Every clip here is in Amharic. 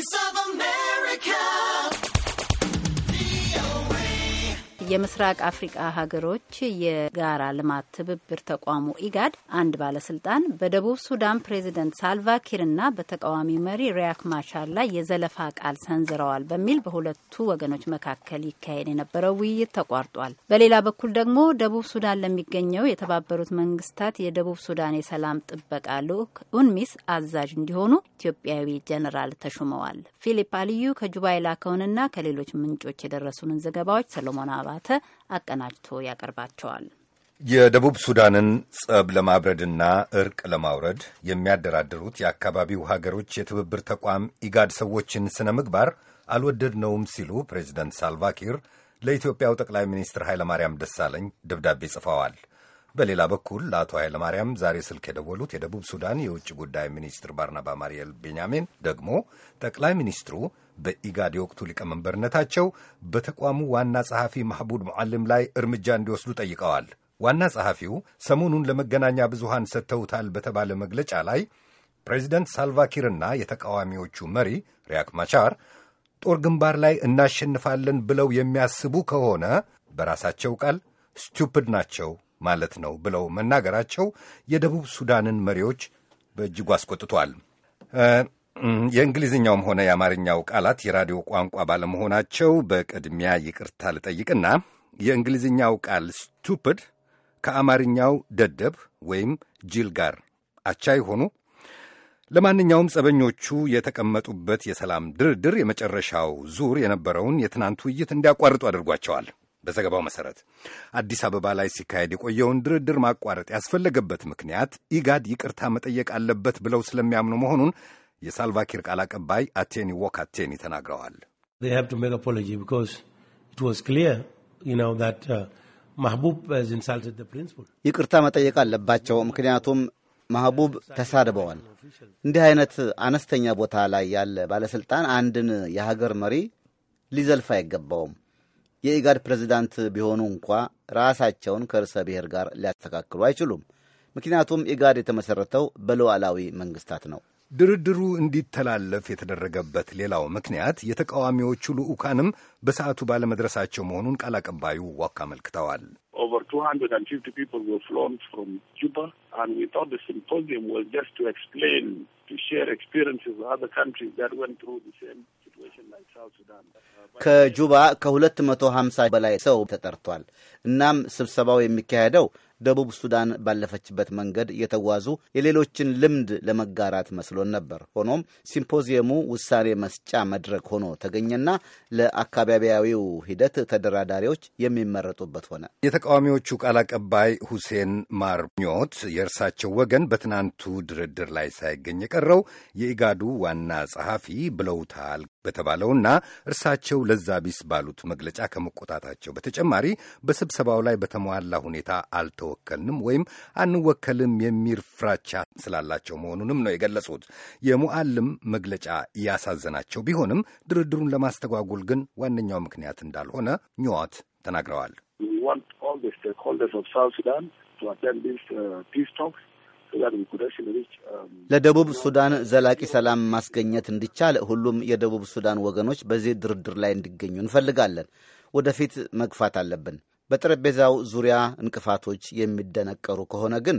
Voice of America. የምስራቅ አፍሪቃ ሀገሮች የጋራ ልማት ትብብር ተቋሙ ኢጋድ አንድ ባለስልጣን በደቡብ ሱዳን ፕሬዚደንት ሳልቫኪርና በተቃዋሚ መሪ ሪያክ ማቻር ላይ የዘለፋ ቃል ሰንዝረዋል በሚል በሁለቱ ወገኖች መካከል ይካሄድ የነበረው ውይይት ተቋርጧል። በሌላ በኩል ደግሞ ደቡብ ሱዳን ለሚገኘው የተባበሩት መንግስታት የደቡብ ሱዳን የሰላም ጥበቃ ልዑክ ኡንሚስ አዛዥ እንዲሆኑ ኢትዮጵያዊ ጀነራል ተሹመዋል። ፊሊፕ አልዩ ከጁባ የላከውንና ከሌሎች ምንጮች የደረሱንን ዘገባዎች ሰሎሞን አባ አባተ አቀናጅቶ ያቀርባቸዋል። የደቡብ ሱዳንን ጸብ ለማብረድና እርቅ ለማውረድ የሚያደራድሩት የአካባቢው ሀገሮች የትብብር ተቋም ኢጋድ ሰዎችን ስነ ምግባር አልወደድነውም ሲሉ ፕሬዚደንት ሳልቫኪር ለኢትዮጵያው ጠቅላይ ሚኒስትር ኃይለማርያም ደሳለኝ ደብዳቤ ጽፈዋል። በሌላ በኩል ለአቶ ኃይለማርያም ዛሬ ስልክ የደወሉት የደቡብ ሱዳን የውጭ ጉዳይ ሚኒስትር ባርናባ ማርየል ቤንያሚን ደግሞ ጠቅላይ ሚኒስትሩ በኢጋድ የወቅቱ ሊቀመንበርነታቸው በተቋሙ ዋና ጸሐፊ ማህቡድ ሙዓልም ላይ እርምጃ እንዲወስዱ ጠይቀዋል። ዋና ጸሐፊው ሰሞኑን ለመገናኛ ብዙሃን ሰጥተውታል በተባለ መግለጫ ላይ ፕሬዚደንት ሳልቫኪርና የተቃዋሚዎቹ መሪ ሪያክ ማቻር ጦር ግንባር ላይ እናሸንፋለን ብለው የሚያስቡ ከሆነ በራሳቸው ቃል ስቱፒድ ናቸው ማለት ነው ብለው መናገራቸው የደቡብ ሱዳንን መሪዎች በእጅጉ አስቆጥቷል። የእንግሊዝኛውም ሆነ የአማርኛው ቃላት የራዲዮ ቋንቋ ባለመሆናቸው በቅድሚያ ይቅርታ ልጠይቅና የእንግሊዝኛው ቃል ስቱፕድ ከአማርኛው ደደብ ወይም ጅል ጋር አቻ ይሆኑ? ለማንኛውም ጸበኞቹ የተቀመጡበት የሰላም ድርድር የመጨረሻው ዙር የነበረውን የትናንት ውይይት እንዲያቋርጡ አድርጓቸዋል። በዘገባው መሰረት አዲስ አበባ ላይ ሲካሄድ የቆየውን ድርድር ማቋረጥ ያስፈለገበት ምክንያት ኢጋድ ይቅርታ መጠየቅ አለበት ብለው ስለሚያምኑ መሆኑን የሳልቫኪር ቃል አቀባይ አቴኒ ዎክ አቴኒ ተናግረዋል። uh, ይቅርታ መጠየቅ አለባቸው፣ ምክንያቱም ማህቡብ ተሳድበዋል። እንዲህ አይነት አነስተኛ ቦታ ላይ ያለ ባለሥልጣን አንድን የሀገር መሪ ሊዘልፍ አይገባውም። የኢጋድ ፕሬዚዳንት ቢሆኑ እንኳ ራሳቸውን ከርዕሰ ብሔር ጋር ሊያስተካክሉ አይችሉም። ምክንያቱም ኢጋድ የተመሠረተው በሉዓላዊ መንግስታት ነው። ድርድሩ እንዲተላለፍ የተደረገበት ሌላው ምክንያት የተቃዋሚዎቹ ልዑካንም በሰዓቱ ባለመድረሳቸው መሆኑን ቃል አቀባዩ ዋክ አመልክተዋል። ከጁባ ከ250 በላይ ሰው ተጠርቷል። እናም ስብሰባው የሚካሄደው ደቡብ ሱዳን ባለፈችበት መንገድ የተጓዙ የሌሎችን ልምድ ለመጋራት መስሎን ነበር። ሆኖም ሲምፖዚየሙ ውሳኔ መስጫ መድረክ ሆኖ ተገኘና ለአካባቢያዊው ሂደት ተደራዳሪዎች የሚመረጡበት ሆነ። የተቃዋሚዎቹ ቃል አቀባይ ሁሴን ማርኞት የእርሳቸው ወገን በትናንቱ ድርድር ላይ ሳይገኝ የቀረው የኢጋዱ ዋና ጸሐፊ ብለውታል በተባለውና እርሳቸው ለዛ ቢስ ባሉት መግለጫ ከመቆጣታቸው በተጨማሪ በስብሰባው ላይ በተሟላ ሁኔታ አልተ አልተወከልንም ወይም አንወከልም የሚል ፍራቻ ስላላቸው መሆኑንም ነው የገለጹት። የሙዓልም መግለጫ እያሳዘናቸው ቢሆንም ድርድሩን ለማስተጓጎል ግን ዋነኛው ምክንያት እንዳልሆነ ኝዋት ተናግረዋል። uh, um, ለደቡብ ሱዳን ዘላቂ ሰላም ማስገኘት እንዲቻል ሁሉም የደቡብ ሱዳን ወገኖች በዚህ ድርድር ላይ እንዲገኙ እንፈልጋለን። ወደፊት መግፋት አለብን። በጠረጴዛው ዙሪያ እንቅፋቶች የሚደነቀሩ ከሆነ ግን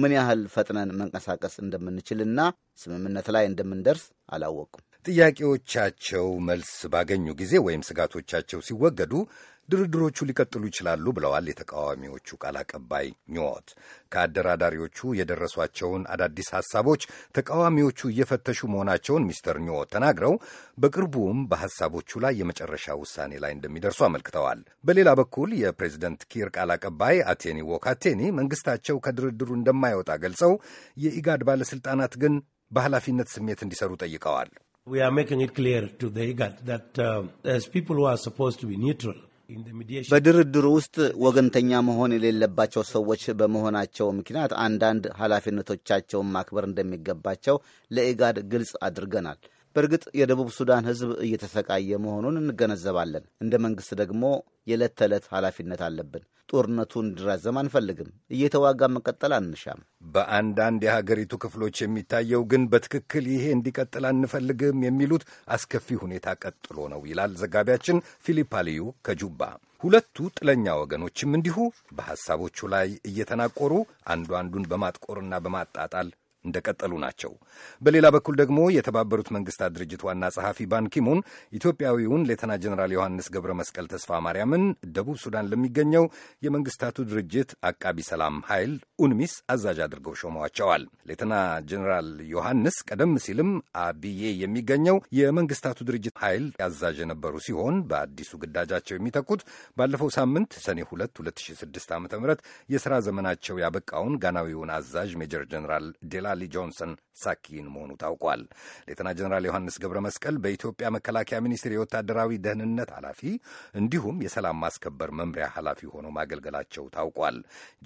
ምን ያህል ፈጥነን መንቀሳቀስ እንደምንችልና ስምምነት ላይ እንደምንደርስ አላወቅም። ጥያቄዎቻቸው መልስ ባገኙ ጊዜ ወይም ስጋቶቻቸው ሲወገዱ ድርድሮቹ ሊቀጥሉ ይችላሉ ብለዋል የተቃዋሚዎቹ ቃል አቀባይ ኝዎት። ከአደራዳሪዎቹ የደረሷቸውን አዳዲስ ሐሳቦች ተቃዋሚዎቹ እየፈተሹ መሆናቸውን ሚስተር ኝዎት ተናግረው በቅርቡም በሐሳቦቹ ላይ የመጨረሻ ውሳኔ ላይ እንደሚደርሱ አመልክተዋል። በሌላ በኩል የፕሬዚደንት ኪር ቃል አቀባይ አቴኒ ወካቴኒ መንግሥታቸው ከድርድሩ እንደማይወጣ ገልጸው የኢጋድ ባለሥልጣናት ግን በኃላፊነት ስሜት እንዲሰሩ ጠይቀዋል። we are making it clear to the IGAD that uh, as people who are supposed to be neutral በድርድሩ ውስጥ ወገንተኛ መሆን የሌለባቸው ሰዎች በመሆናቸው ምክንያት አንዳንድ ኃላፊነቶቻቸውን ማክበር እንደሚገባቸው ለኢጋድ ግልጽ አድርገናል። በእርግጥ የደቡብ ሱዳን ሕዝብ እየተሰቃየ መሆኑን እንገነዘባለን። እንደ መንግሥት ደግሞ የዕለት ተዕለት ኃላፊነት አለብን። ጦርነቱ እንዲራዘም አንፈልግም። እየተዋጋ መቀጠል አንሻም። በአንዳንድ የሀገሪቱ ክፍሎች የሚታየው ግን በትክክል ይሄ እንዲቀጥል አንፈልግም የሚሉት አስከፊ ሁኔታ ቀጥሎ ነው ይላል ዘጋቢያችን ፊሊፕ አልዩ ከጁባ። ሁለቱ ጥለኛ ወገኖችም እንዲሁ በሐሳቦቹ ላይ እየተናቆሩ አንዱ አንዱን በማጥቆርና በማጣጣል እንደቀጠሉ ናቸው። በሌላ በኩል ደግሞ የተባበሩት መንግስታት ድርጅት ዋና ጸሐፊ ባንኪሙን ኢትዮጵያዊውን ሌተና ጀኔራል ዮሐንስ ገብረ መስቀል ተስፋ ማርያምን ደቡብ ሱዳን ለሚገኘው የመንግስታቱ ድርጅት አቃቢ ሰላም ኃይል ኡንሚስ አዛዥ አድርገው ሾመዋቸዋል። ሌተና ጀኔራል ዮሐንስ ቀደም ሲልም አብዬ የሚገኘው የመንግስታቱ ድርጅት ኃይል አዛዥ የነበሩ ሲሆን በአዲሱ ግዳጃቸው የሚተኩት ባለፈው ሳምንት ሰኔ 2 2006 ዓ ም የሥራ ዘመናቸው ያበቃውን ጋናዊውን አዛዥ ሜጀር ጀኔራል ዴላ ሊ ጆንሰን ሳኪን መሆኑ ታውቋል። ሌተና ጀኔራል ዮሐንስ ገብረ መስቀል በኢትዮጵያ መከላከያ ሚኒስቴር የወታደራዊ ደህንነት ኃላፊ እንዲሁም የሰላም ማስከበር መምሪያ ኃላፊ ሆነው ማገልገላቸው ታውቋል።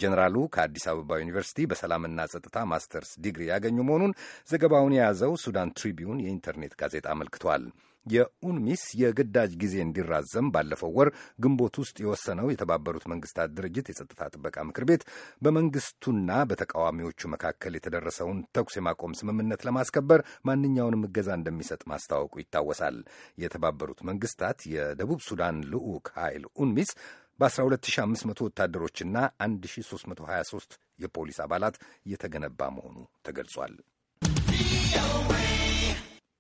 ጀኔራሉ ከአዲስ አበባ ዩኒቨርሲቲ በሰላምና ጸጥታ ማስተርስ ዲግሪ ያገኙ መሆኑን ዘገባውን የያዘው ሱዳን ትሪቢዩን የኢንተርኔት ጋዜጣ አመልክቷል። የኡንሚስ የግዳጅ ጊዜ እንዲራዘም ባለፈው ወር ግንቦት ውስጥ የወሰነው የተባበሩት መንግስታት ድርጅት የጸጥታ ጥበቃ ምክር ቤት በመንግስቱና በተቃዋሚዎቹ መካከል የተደረሰውን ተኩስ የማቆም ስምምነት ለማስከበር ማንኛውንም እገዛ እንደሚሰጥ ማስታወቁ ይታወሳል። የተባበሩት መንግስታት የደቡብ ሱዳን ልዑክ ኃይል ኡንሚስ በ12500 ወታደሮችና 1323 የፖሊስ አባላት የተገነባ መሆኑ ተገልጿል።